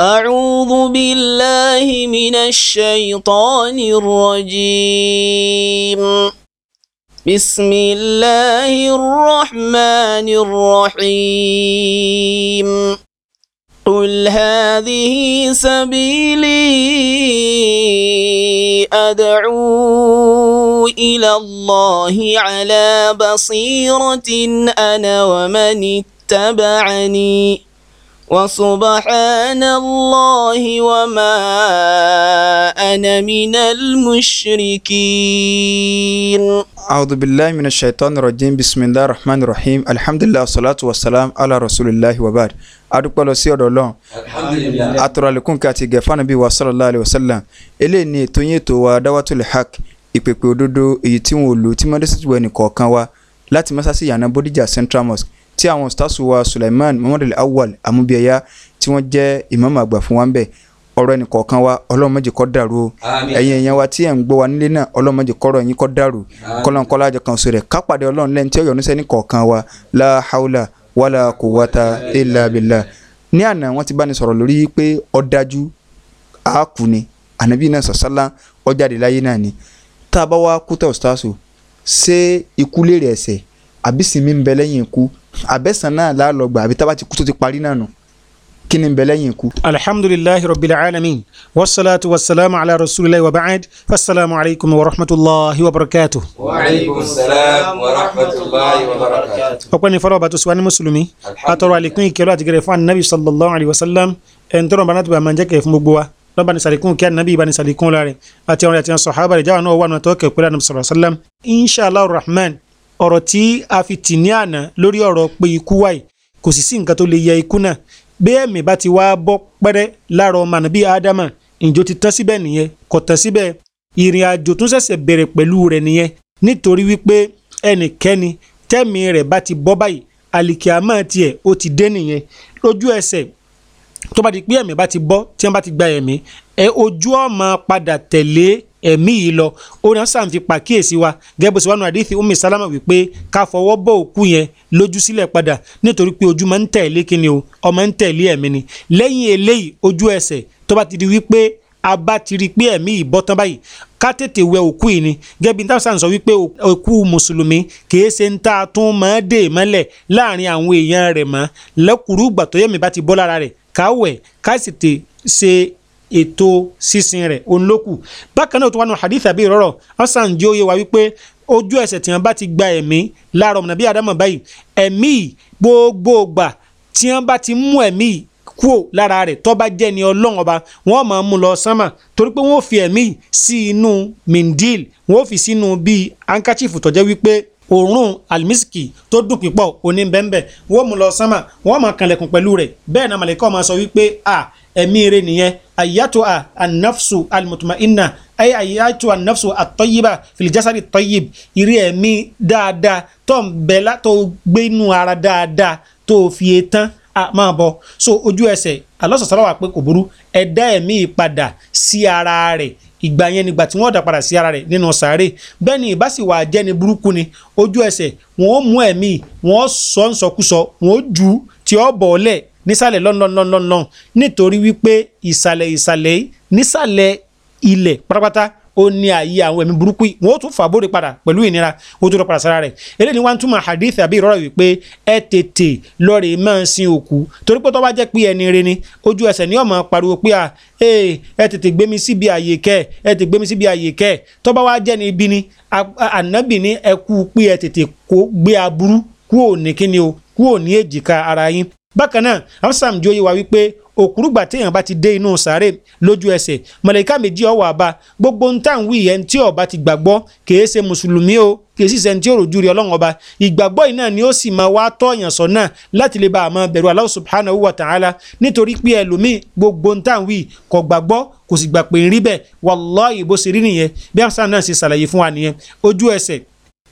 أعوذ بالله من الشيطان الرجيم بسم الله الرحمن الرحيم قل هذه سبيلي أدعو إلى الله على بصيرة أنا ومن اتبعني وسبحان الله وما أنا من المشركين أعوذ بالله من الشيطان الرجيم بسم الله الرحمن الرحيم الحمد لله والصلاة والسلام على رسول الله وبعد adúpẹ́ lọ sí ọ̀dọ̀ ọlọ́run atọ́rọ̀lẹ́kùn kàti gẹ̀fánà bíi wa sallallahu alayhi wa sallam eléyìí ni ètò yín ètò wa dáwàtúlẹ̀ haq ìpèpè òdodo èyí tí wọn ò lò tí mọ́dẹ́sítì wẹ̀ nìkọ̀ọ̀kan wa láti mọ́sásí yànnà central mosque tí àwọn ustaasu wa Suleiman Muhammad Al-Awwal amúbíyẹyà tí wọ́n jẹ́ imam àgbà fún wa ń bẹ̀ ọ̀rọ̀ ẹnìkọ̀ọ̀kan wa ọlọ́run má jẹ́ kó dàrú o ẹ̀yin ẹ̀yàn wa tí ẹ̀ ń gbọ́ wa nílé náà ọlọ́run má jẹ́ kọ́rọ̀ yín kó dàrú kọ́lọ́nkọ́lá àjọ kan sọ̀rọ̀ kápàdé ọlọ́run lẹ́ni tí ó yọ́nú sẹ́ni kọ̀ọ̀kan wa la haula wala quwwata illa billah ní àná wọ́n ti bá ní sọ̀rọ̀ lórí pé ọ̀dájú àákú ni ànábì náà sàṣálá ọjáde láyé náà ni tá a bá wá kú tẹ̀ ọ̀sítàṣù ṣé ikú lè rẹ̀ ẹ̀sẹ̀ àbí sinmi ń bẹ lẹ́yìn ikú àbẹ̀sán náà láàlọ́ gbà àbí tábà ti kú tó ti parí náà nù kí ni ń bẹ lẹ́yìn ikú. alhamdulilayi rabbil alamin wasalaatu wasalaamu ala rasulilayi wa ba'ad fasalaamu alaykum wa rahmatulahi wa barakatu. wa aleykum salaam wa rahmatulahi wa barakatu. ọpẹ́ ni fọlọ́ba tó sọ wa ní mùsùlùmí àtọ̀rọ̀ àlékún ìkẹ́lọ́ àti gẹ̀rẹ́ fún anabi sallallahu alayhi wa sallam ẹ̀ ń tọrọ bá tó bá máa ń jẹ́ kẹ́ fún gbogbo wa lọ́ba ní sàlékún kí anabi bá ní sàlékún láre àti àwọn àti àwọn sọ̀hábà ọ̀rọ̀ tí a fi tì ní àná lórí ọ̀rọ̀ pé ikú wáyé kò sì sí nǹkan tó lè yẹ ikú náà bí ẹ̀mí bá ti wá bọ́ pẹ́rẹ́ láàrọ̀ ọmọ àná bíi ádámà ìjó ti tán síbẹ̀ nìyẹn kò tán síbẹ̀ ìrìn àjò tún ṣẹ̀ṣẹ̀ bẹ̀rẹ̀ pẹ̀lú rẹ̀ nìyẹn nítorí wípé ẹnikẹ́ni tẹ́mi rẹ̀ bá ti bọ́ báyìí àlìkíámà tiẹ̀ ó ti dé nìyẹn lójú ẹsẹ̀ tó bá di pé ẹ̀mí bá ti bọ́ tí wọ́n bá ti gba ẹ̀mí ẹ ojú ọmọ padà tẹ̀lé ẹ̀mí yìí lọ ó ní sàn fi pàkíyèsí wa gẹ́gẹ́ bó ṣe wà nù àdìsí Ummi Salama wípé ká fọwọ́ bọ́ òkú yẹn lójú sílẹ̀ padà nítorí pé ojú máa ń tẹ̀lé kíni o ọmọ ń tẹ̀lé ẹ̀mí ni lẹ́yìn eléyìí ojú ẹsẹ̀ tó bá ti di wípé a bá ti rí i pé ẹ̀mí yìí bọ́ tán báyìí ká tètè wẹ òkú yìí ni gẹ́gẹ́ bí táwọn sàn sọ wípé òkú mùsùlùmí kìí ṣe ń ta tún mọ́ dè mọ́lẹ̀ láàrin àwọn èèyàn rẹ̀ mọ́ lẹ́kùrú ìgbà bá ti bọ́ lára rẹ̀ ká wẹ̀ ká sì tè ṣe ètò sísin rẹ̀ onlókù bákan náà tó wà nù hadith àbí ìrọ̀rọ̀ ọ̀sán jẹ́ òye wa wípé ojú ẹsẹ̀ tí wọ́n bá ti gba ẹ̀mí láàárọ̀ ọ̀nà bí adamu báyìí ẹ̀mí gbogbo gbà tí wọ́n bá ti mú ẹ̀mí kúò lára rẹ̀ tó bá jẹ́ ni ọlọ́run ọba wọ́n máa mú lọ sánmà torí pé wọ́n fi ẹ̀mí sí inú mindil wọ́n fi sínú bíi hankachifu tó wípé òórùn alimisiki tó dùn pípọ̀ òní bẹ́ńbẹ́ wọ́n mú lọ sánmà wọ́n máa kànlẹ̀kùn pẹ̀lú rẹ̀ bẹ́ẹ̀ náà màlẹ́kọ́ máa sọ wípé a ẹ̀mí rẹ̀ nìyẹn ayatu a anafsu almutmainna ay ayatu anafsu atọ́yíba filijasari tọ́yíb ìrí ẹ̀mí dáadáa tó ń bẹ̀lá tó gbénu ara dáadáa tó fi etán a máa bọ̀ so ojú ẹsẹ̀ alọ́sọ̀sọ́rọ̀ wà pé kò burú ẹ̀dá ẹ̀mí padà sí ara rẹ̀ ìgbà yẹn nígbà tí wọ́n dà padà sí ara rẹ̀ nínú sàárè bẹ́ẹ̀ ni ìbá sì wà jẹ́ni burúkú ni ojú ẹsẹ̀ wọ́n mú ẹ̀mí wọ́n sọ ń sọkúsọ wọ́n jù ú tí ó bọ̀ ọ́lẹ̀ nísàlẹ̀ lọ́nlọ́nlọ́nlọ́n nítorí wípé ìsàlẹ̀ ìsàlẹ̀ nísàlẹ̀ ilẹ̀ pátápátá ó ní ààyè àwọn ẹ̀mí burúkú wọn ó tún fà bóde padà pẹ̀lú ìnira ó tún lọ padà sára rẹ̀ eléyìí ni wọ́n ń túmọ̀ hadith àbí ìrọ́rọ̀ wípé ẹ tètè lọ́ọ̀rẹ́ máa ń sin òkú torí pé tó bá jẹ́ pé ẹni re ni ojú ẹsẹ̀ ni ọmọ pariwo pé à eh, ẹ tètè gbé mi síbi àyè kẹ́ ẹ tètè gbé mi síbi àyè kẹ́ tó bá wá jẹ́ ni ibi ni ànábì ni ẹ kú pé ẹ tètè gbé aburú kúò ní kíni o kúò ní èjìká ara yín bákan náà amsam jóye wa wípé òkúrúgbà téèyàn bá ti dé inú sàárè lójú ẹsẹ̀ mọ̀lẹ́ká méjì ọ̀wọ́ àbá gbogbo ń tàn wí ẹni tí ó bá ti gbàgbọ́ kìí ṣe mùsùlùmí o kìí sì ṣe ẹni tí ó rojú rí ọlọ́run ọba ìgbàgbọ́ yìí náà ni ó sì máa wá tọ́yàn sọ́nà láti lè bá àmọ́ bẹ̀rù Allah subhanahu wa ta'ala nítorí pé ẹlòmíì gbogbo ń tàn wí kò gbàgbọ́ kò sì gbà pé ń rí bẹ́ẹ̀ wallahi bó ṣe rí nìyẹn bí àṣà náà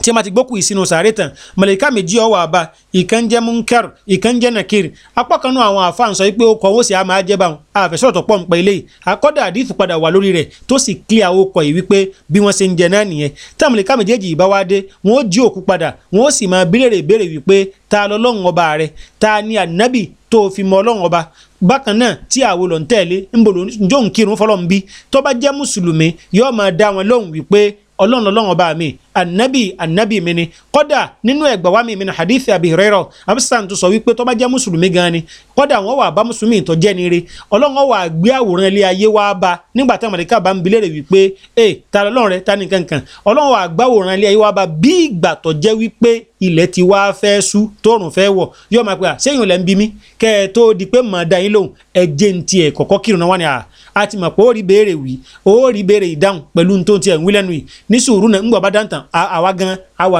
tí ma ti gbókù ìsinú sàárè tán màlàíkà méjì ọwọ́ àbá ìkan jẹ́ munkar ìkan jẹ́ nakir apá kan náà àwọn àfáà ń sọ pé ó owó sí a máa jẹ́ bá wọn àfẹsọ̀rọ̀ tó pọ̀ ń pẹ́ eléyìí akọ́dà àdìsù padà wà lórí rẹ̀ tó sì clear ó kọ yìí wípé bí wọ́n ṣe ń jẹ náà nìyẹn tá màlàíkà méjèèjì ìbá wá dé wọ́n ó jí òkú padà wọ́n ó sì máa bírèrè ìbéèrè wípé ta lọ́lọ́run ọba rẹ̀ ta ni ànábì tó fi mọ ọlọ́run ọba bákan náà tí àwo lọ́n tẹ̀lé ń kírun fọlọ́n bí bá jẹ́ mùsùlùmí yóò máa dá wọn lóhùn wípé ọlọ́run ọlọ́run ọba mi anabi anabi mi ni kọ́dà nínú ẹgbà wa mi mi ni hadith abi rẹ́rọ̀ abisan tó sọ wípé tó bá jẹ́ mùsùlùmí gan ni kọ́dà wọn wà bá mùsùlùmí tó jẹ́ nire ọlọ́run wà gbé àwòrán ilé ayé wá bá nígbà táwọn mọ̀lẹ́kà bá ń bilé rẹ̀ wípé ẹ ta lọ́run rẹ ta ní kankan ọlọ́run wà gbá àwòrán ilé ayé wá bá bí ìgbà tó jẹ́ wípé ilẹ̀ ti wá fẹ́ sú tóòrùn fẹ́ wọ̀ yóò máa pè à sẹ́yìn ò lẹ́ ń bí mi kẹ́ ẹ tó di pé màá da yín lóhùn ẹ jẹ́ ní tiẹ̀ kọ̀kọ́ kírun náà wà ní à a ti mọ̀ pé ó rí béèrè wí ó rí béèrè ìdáhùn pẹ̀lú ní tó ń tiẹ̀ ń wí lẹ́nu yìí ní sùúrù náà ńgbọ̀ bá àwa gan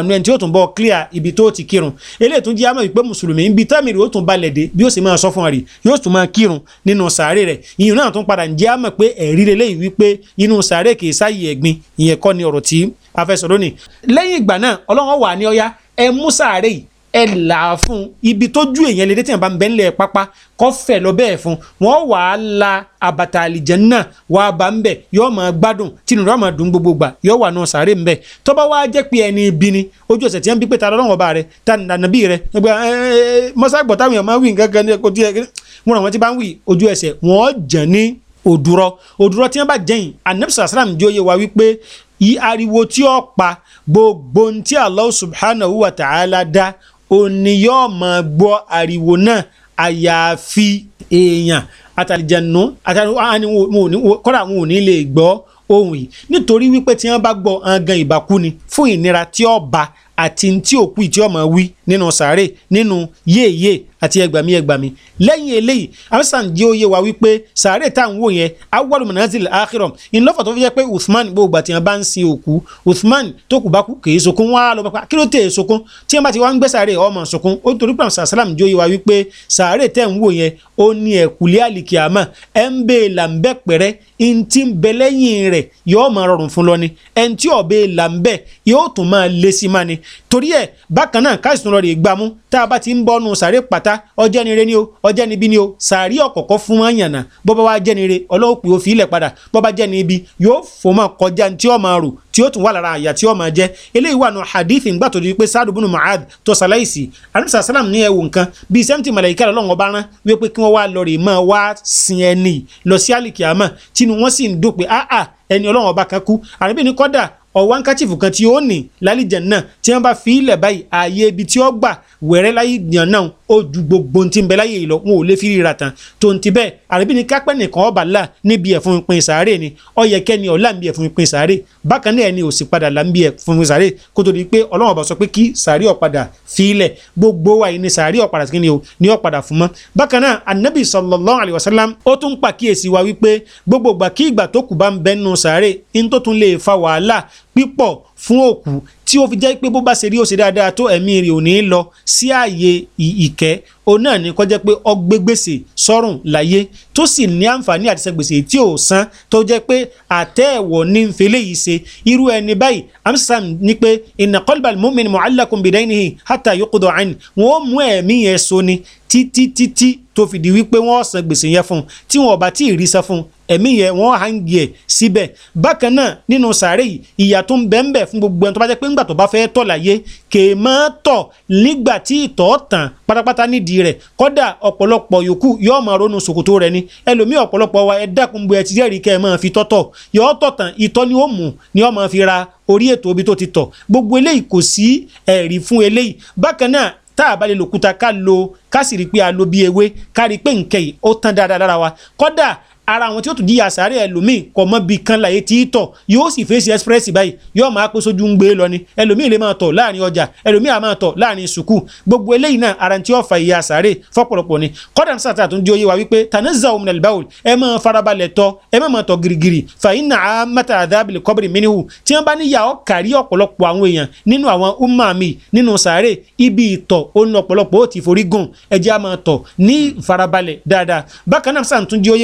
nu ẹni tí clear ibi tó ti kírun eléyìí tún jẹ́ àmọ́ wípé mùsùlùmí ń bi tẹ́mìrì ó tún balẹ̀ dé bí ó sì máa sọ fún wa rè yóò tún máa kírun nínú sàárè rẹ̀ ìyún náà tún padà ń jẹ́ àmọ́ pé ẹ̀rí lélẹ́yìí wípé inú sàárè kì í sáyè ni ọ̀rọ̀ tí lẹ́yìn ìgbà náà ọlọ́run wà ní ọya ẹ mú ẹ là á fún un ibi tójú èèyàn lédè tí wọn bá ń bẹ́ ńlẹ̀ pápá kọ́ fẹ̀ lọ bẹ́ẹ̀ fún wọn wà á la àbàtà àlìjẹ́nnà wà á bá ń bẹ̀ yóò máa gbádùn tìǹbù rẹ̀ máa dùn gbogbo gbà yóò wà náà sàárè ń bẹ̀ tó bá wá jẹ́ pé ẹni ibi ni ojú ọ̀sẹ̀ tí wọ́n bí pé ta lọ́wọ́ bá rẹ̀ ta nàbí rẹ̀ gbogbo mọ́ságbọ̀ táwọn èèyàn máa wí nǹkan kan ní ẹ̀kọ́ tí ràn wọ́n ti bá ń wí ojú ẹsẹ̀ wọ́n jàn ní òdúrọ̀ òdúrọ̀ tí wọ́n bá jẹ́yìn anabisa asram jẹ́ òye wa wípé ariwo tí ó pa gbogbo ohun tí subhanahu wa ta'ala dá òun ni yóò máa gbọ́ ariwo náà àyàfi èèyàn àtàlìjẹ̀nù kọ́dà wọn ò ní lè gbọ́ ohun yìí nítorí wípé tí wọ́n bá gbọ́ ọ̀ngàn ìbákú ni fún ìnira tí ó bá àti tí òkú tí ó wí nínú sàárè nínú yéèyé àti ẹgbàmí ẹgbàmí lẹ́yìn eléyìí amsan jẹ́ òye wa wípé sàárè tá à ń wò yẹn awwalu manazil akhiram ìlọ́fọ̀ tó fi jẹ́ pé Uthman gbogbo àti bá ń sin òkú Uthman tó kù bá kú kì í sunkún wá lọ pàpà kí ló tẹ̀ sunkún tí wọ́n bá ti wá ń gbé sàárè ọmọ sunkún ó torí pàm sàlám jẹ́ òye wa wípé sàárè tẹ̀ ń wò yẹn ó ní ẹ̀kúlẹ̀ àlìkìyàmà ẹ̀ ń bè làǹbẹ̀ pẹ̀rẹ́ in ti bẹ lẹ́yìn rẹ̀ yóò máa rọrùn fún lọ ni ẹni tí ọ̀bẹ làǹbẹ̀ yóò tún máa lé sí máa ni torí ẹ̀ bákan náà káyìsùn lọ rè gbámú tá a bá ti ń bọ́nu sàárè pàtá ọjẹ́ nire ni o ọjẹ́ níbi ni o sàárè ọ̀kọ̀ọ̀kọ̀ fún wọn yànnà bó bá wá jẹ́ nire ọlọ́ọ̀pẹ̀ òfin ilẹ̀ padà bó bá jẹ́ ní ibi yóò fò mọ́ kọjá tí ó máa rò tí ó tún wà lára àyà tí ó máa jẹ́ eléyìí wà nù hadith ńgbà tó di pé sáàdù bùnú mu'ad tó sàlàyèsí anamisa salam ní ẹwù nǹkan bíi sẹ́mtì màláyíkà lọ́wọ́ bá rán wípé kí wọ́n wá lọ rè máa wá sin ẹni lọ sí àlìkìyàmà tínú wọ́n sì ń dùn pé ẹni ọlọ́wọ́ bá kan kú àrẹ́bìnrin kọ́dà ọ̀wá ńkàchìfù kan tí ó ní lálìjẹ̀ náà tí wọ́n bá fi ilẹ̀ báyìí ààyè ibi tí ó gbà wẹ̀rẹ́ láyé yàn náà ó ju gbogbo ti ń bẹ láyé yìí wọn ò lè fi rírà tán tó ń ti bẹ́ẹ̀ àrẹ́bí ni kápẹ́ nìkan ọba là níbi ẹ̀fún ìpín sàárè ni ọ̀yẹ̀kẹ́ni ọ̀la ń bí ẹ̀fún ìpín sàárè bákan náà ẹni ò sì padà là ń ẹ̀fún ìpín sàárè kó tó di pé ọlọ́run ọba sọ pé kí sàárè ọ̀padà fi ilẹ̀ gbogbo wa yìí ni sàárè ọ̀padà sí ni o ni ọ̀padà fún mọ́ bákan náà anabi sallallahu alayhi wa sallam ó wa wípé gbogbo ìgbà kí ìgbà tó kù bá ń bẹ́nu sàárè pípọ̀ fún òkú tí ó fi jẹ́ pé bó bá ṣe rí ó ṣe dáadáa tó ẹ̀mí rẹ̀ ò ní lọ sí ààyè ìkẹ́ òun náà ní kó jẹ́ pé ó gbé gbèsè sọ́rùn láyé tó sì ní àǹfààní àti san gbèsè tí ò san tó jẹ́ pé àtẹ̀wọ̀ ní ń fele yìí ṣe irú ẹni báyìí amsam ní pé inna qalbal mu'min mu'allakun bidainihi hatta yuqda an wọ́n mú ẹ̀mí yẹn so ni títí títí tó fi di wípé wọ́n san gbèsè yẹn fún un tí wọn ò bá tí ì rí san fún un ẹ̀mí yẹn wọ́n á ń yẹ síbẹ̀ bákan náà nínú sàárè yìí ìyà tó ń bẹ ń bẹ fún gbogbo ẹni tó bá jẹ́ pé ńgbà tó bá fẹ́ tọ̀ láyé kè má tọ̀ nígbà tí ìtọ̀ tàn pátápátá nídìí rẹ̀ kódà ọ̀pọ̀lọpọ̀ yòókù yóò máa ronú ṣòkòtò rẹ̀ ni ẹlòmíì ọ̀pọ̀lọpọ̀ wa ẹ dákun bu ẹtí jẹ́rìí kẹ́ ẹ máa fi tọ́tọ̀ yóò tọ̀ tàn ni ó mú ni ó máa fi ra orí ètò ibi tó ti tọ̀ gbogbo eléyìí kò sí ẹ̀rí fún eléyìí bákan náà tá a bá lè lòkúta ká lo ká sì rí pé a lo bí ewé ká rí pé nkẹ́ ó tán dáadáa lára wa kódà ara àwọn tí ó tún jíyà sáré ẹlòmíì kò mọ bí kan láyé tí tọ̀ yóò sì fèsì express báyìí yóò máa pé sójú ń gbé lọ ni ẹlòmíì lè máa tọ̀ láàrin ọjà ẹlòmíì á máa tọ̀ láàrin sùkú gbogbo eléyìí náà ara tí ó fa ìyà sáré fọ́pọ̀lọpọ̀ ni kọ́dàm sàtà tó ń di oyé wa wípé tanazzaw minal bawl ẹ máa farabalẹ̀ tọ̀ ẹ máa tọ̀ girigiri fa inna amata adhabil qabri minhu tí wọ́n bá ní yà ọ́ kárí ọ̀pọ̀lọpọ̀ àwọn èèyàn nínú àwọn umma mi nínú sáré ibi ìtọ̀ òun ọ̀pọ̀lọpọ̀ ó ti forí gùn ẹ jẹ́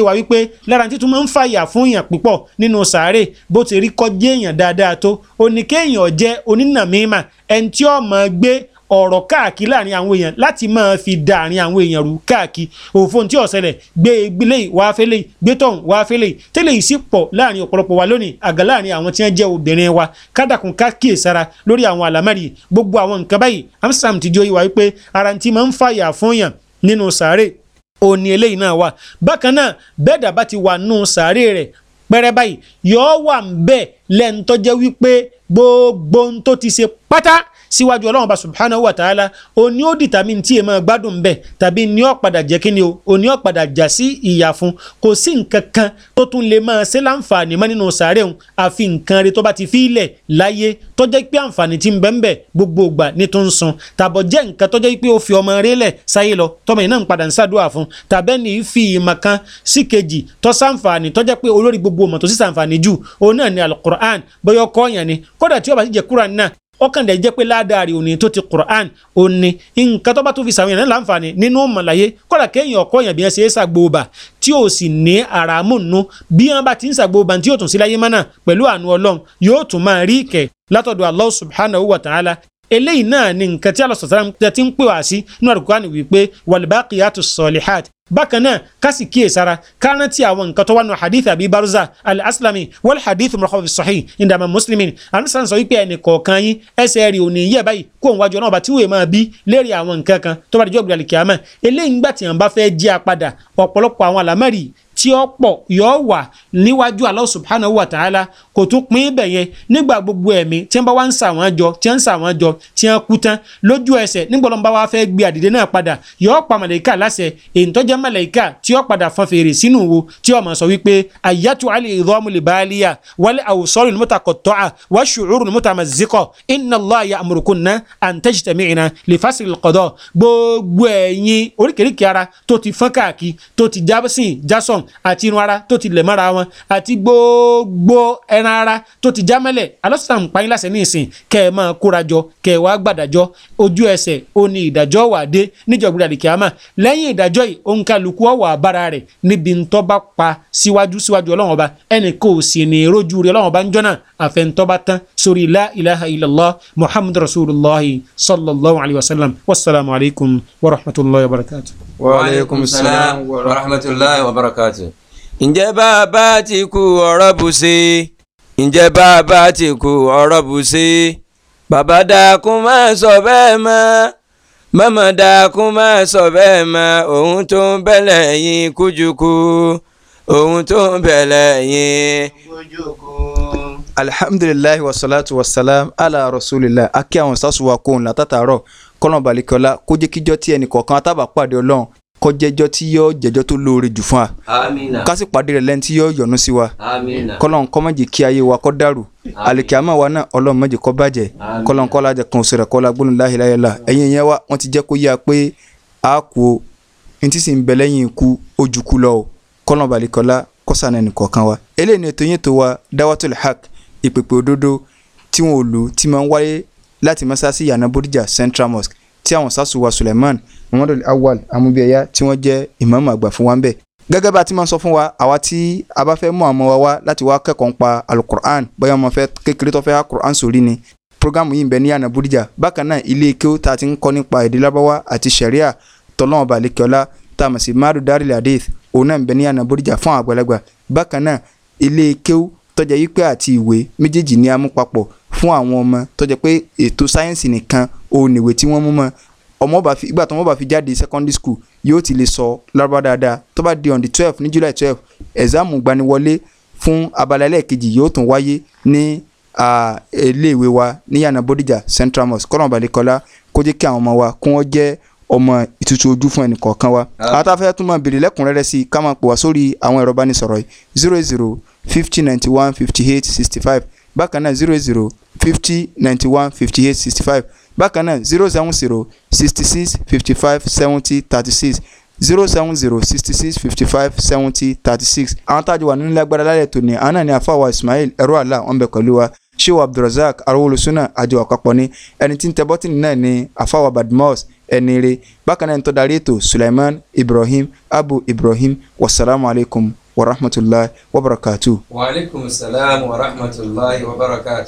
á lára títún máa ń fàyà fún èèyàn púpọ̀ nínú sàárè bó ti rí kọjá èèyàn dáadáa tó oníkéèyàn jẹ́ onínàmímà ẹni tí ó máa gbé ọ̀rọ̀ káàkiri láàrin àwọn èèyàn láti máa fi da àrin àwọn èèyàn rú káàkiri òfin tí ọ̀sẹ̀lẹ̀ gbé egbélé wàá fẹ́lẹ̀ gbé tọ̀hún wàá fẹ́lẹ̀ tẹ́lẹ̀ yìí sì pọ̀ láàrin ọ̀pọ̀lọpọ̀ wa lónìí àgà láàrin àwọn tí wọ́n jẹ́ obìnrin wa kádàkùn kákìí sára lórí àwọn àlámárì gbogbo àwọn nǹkan báyìí Amsterdam ti jó yìí wípé ara ti máa ń fàyà fún yàn nínú sàárè òní eléyìí náà wà bákan náà bẹ́ẹ̀ dàbá ti wà nù sàárè rẹ̀ pẹ́rẹ́ báyìí yọ̀ọ́ wà ń bẹ́ẹ̀ lẹ́ńtọ́ jẹ́ wípé gbogbo ohun tó ti ṣe pátá síwájú ọlọ́run bá subhanahu wa ta'ala o ní ó dìtà mí tí èèmọ̀ gbádùn bẹ̀ tàbí ní ó padà jẹ́ kíni ni o ní ó padà jà sí ìyà fún kò sí nǹkan kan tó tún lè máa ṣe láǹfààní mọ́ nínú sàárẹ̀ òun àfi nǹkan rẹ̀ tó bá ti fi ilẹ̀ láyé tó jẹ́ pé àǹfààní ti ń bẹ́ ń bẹ̀ gbogbo ìgbà ní tó ń sun tàbọ̀ jẹ́ nǹkan tó jẹ́ pé ó fi ọmọ rẹ̀ sáyé lọ tọmọ iná ń padà ń ṣàdúrà fún tàbẹ́ ní fi ìmọ̀ kan sí kejì tó ṣàǹfààní tó jẹ́ pé olórí gbogbo mọ̀ tó sì ṣàǹfààní jù òun náà ni alukur quran bóyá ọkọ yẹn ni kódà tí ó bá ti jẹ quran náà ọkàn dẹ̀ jẹ́ pé ládàárí òní tó ti quran òní nǹkan tó bá tó fi sàwọn èèyàn láǹfààní nínú mọ̀láyé kódà kéèyàn ọkọ yẹn bí wọ́n ṣe é ṣàgbóòbà tí ó sì ní àràmù nù bí wọ́n bá ti ń ṣàgbóòbà tí yóò tún sí láyé mọ́nà pẹ̀lú àánú ọlọ́run yóò tún máa rí ìkẹ́ látọ̀dọ̀ allah subhanahu wa ta'ala eléyìí náà ni nǹkan tí alọ́sọ̀tàn ti ń pè wá sí nínú àdùkọ́ àná wípé wàlúbáàkì yàtọ̀ sọ̀lìhàt bákan náà kásì kíyè sára kárán tí àwọn nǹkan tó wà nù hadith àbí barza al-aslami wal hadith murakabu sahih indama muslimin anusan sọ wípé ẹnì kọ̀ọ̀kan yín ẹsẹ̀ rí òní yẹ báyìí kó òun wájú ọ̀nà ọba tí wòye máa bí lérí àwọn nǹkan kan tó bá dijọ́ gbìyànjú kìámà eléyìí ń gbà tí wọn bá fẹ́ jí apadà ọ̀pọ̀lọpọ̀ àwọn àlámẹ́rì tí ó pọ̀ yóò wà níwájú Allah subhanahu wa ta'ala kò tún pín ibẹ̀ yẹn nígbà gbogbo ẹ̀mí tí wọ́n bá wá ń sà wọ́n jọ tí wọ́n ń sà wọ́n jọ tí wọ́n kú tán lójú ẹsẹ̀ nígbàlọ́n bá wá fẹ́ gbé àdìdẹ náà padà yóò pa màlẹ́kà láṣẹ èyí tó jẹ́ màlẹ́kà tí ó padà fọn fèrè sínú wo tí ó máa sọ wípé ayatu ali idhamu àti irun ara tó ti lẹ̀ mọ́ra wọn àti gbogbo ẹran ara tó ti já mẹ́lẹ̀ alọ́sàn pààyàn láṣẹ ní ìsìn kẹ́ ẹ máa kóra jọ kẹ́ ẹ wá gbàdájọ́ ojú ẹsẹ̀ ó ní ìdájọ́ wà dé níjọ̀gbìnrin àdìkíámà lẹ́yìn ìdájọ́ yìí òǹkàlùkù ọ̀wà àbára rẹ̀ níbi ntọ́ bá pa síwájú síwájú ọlọ́run ọba ẹnì kò sì ní rojú rẹ̀ ọlọ́run ọba ń jọ́nà àfẹ́ntọ́ bá tán sórí la ilaha illallah muhammadu rasulillah sallallahu alayhi wa sallam wasalaamu alaykum wa rahmatulahi wa barakatuh waaleykum salaam wa rahmatulahi wa barakatu. ǹjẹ́ bá a bá ti kú ọ̀rọ̀ bù sí i ǹjẹ́ bá a bá ti kú ọ̀rọ̀ bù sí i bàbá dákun má sọ bẹ́ẹ̀ mọ́ màmá dákun má sọ bẹ́ẹ̀ mọ́ ohun tó ń bẹ̀lẹ̀ yín kújukú ohun tó ń bẹ̀lẹ̀ yín kújukú. alhamdulilayi wa salatu wa salam ala rasulillah akí àwọn sásùwà kóhùn kọ́lọ́n balẹ̀kọ́lá kó jẹ́ kíjọ́ tí ẹnì kọ̀ọ̀kan àtàbà pàdé ọlọ́run kó jẹ́jọ́ tí yóò jẹ́jọ́ tó lóore jù fún wa ká sì pàdé rẹ̀ lẹ́ni tí yóò yọ́nú sí wa kọ́lọ́n kó má jẹ́ kí ayé wa kó dàrú alikiyama wa náà ọlọ́run má jẹ́ kó bàjẹ́ kọ́lọ́n kọ́lá jẹ́ kan òṣèré kọ́lá gbónú láhìláyàlá ẹ̀yìn yẹn wa wọ́n ti jẹ́ kó yá pé a kú o ntí sì ń bẹ lẹ́yìn ikú ojú kú lọ o kọ́lọ́n balẹ̀kọ́lá kọ́sàn ẹnì kọ̀ọ̀kan wa eléyìí ni ètò yẹn tó wa dáwọ́tò lè hàk ìpèpè òdodo tí wọn ò lò tí máa ń wáyé láti mọ́sáàsì yànà bódìjà central mosque tí àwọn sásùwà suleiman muhammadu awal amúbíyẹyà tí wọ́n jẹ́ ìmáàmù àgbà fún wa ń bẹ̀. gẹ́gẹ́ bá a ti máa ń sọ fún wa àwa tí a bá fẹ́ mú àwọn ọmọ wa wá láti wá kẹ́kọ̀ọ́ ń pa alukur'an bóyá ọmọ fẹ́ kékeré tó fẹ́ alukur'an sórí ni programu yìí ń bẹ ní yànà bódìjà bákan náà ilé kéwú tá a ti ń kọ́ nípa èdè lábáwá àti sẹ̀ríà tọ́lọ́wọ́n balẹ̀kẹ́ọ́lá tá a mọ̀ sí madu daril hadith òun náà ń bẹ ní yànà bódìjà fún àgbàlagbà bákan náà ilé kéwú tó jẹ́ wípé àti ìwé méjèèjì ni a mú papọ̀ fún àwọn ọmọ tó jẹ́ pé ètò sáyẹ́ǹsì nìkan òun nìwé tí wọ́n mú mọ́ ọmọ bá fi ìgbà tó ọmọ bá fi jáde secondary school yóò ti lè sọ lárúbá dáadáa tó bá di on the twelve ní July twelve ẹ̀sáàmù gbaniwọlé fún abala ẹlẹ́ẹ̀kejì yóò tún wáyé ní iléèwé wa ní yànnà Bódìjà Central Mosque kọ́nà balẹ̀kọ́lá kó jẹ́ kí àwọn ọmọ wa kún ọ jẹ́ ọmọ ìtútù ojú fún ẹnì kọ̀ọ̀kan wa ah. àtàfẹ́ tún máa béèrè lẹ́kùnrẹ́rẹ́ sí i ká máa pè wá sórí àwọn ẹ̀rọ ìbánisọ̀rọ̀ yìí zero zero fifty ninety one fifty eight sixty five bákan náà zero zero fifty ninety one fifty eight sixty five bákan náà zero seven zero sixty six fifty five seventy thirty six zero seven zero sixty six fifty five seventy thirty six àwọn tájú wà nínú lágbára lálẹ́ tòní àwọn náà ni àfàwà Ismail ẹ̀rọ àlà wọn bẹ̀ pẹ̀lú wa sheu abdulrasaq arúgbó lùsùnà àjọ àpapọ̀ ni ẹni tí ń tẹ bọ́tìnì náà ni àfàwà Badmus ẹni rẹ̀ bákan náà ń tó darí ètò Sulaiman Ibrahim Abu Ibrahim wasalaamu alaykum wa rahmatulahi wa barakatu. wa aleykum salaam wa rahmatulahi wa barakatu.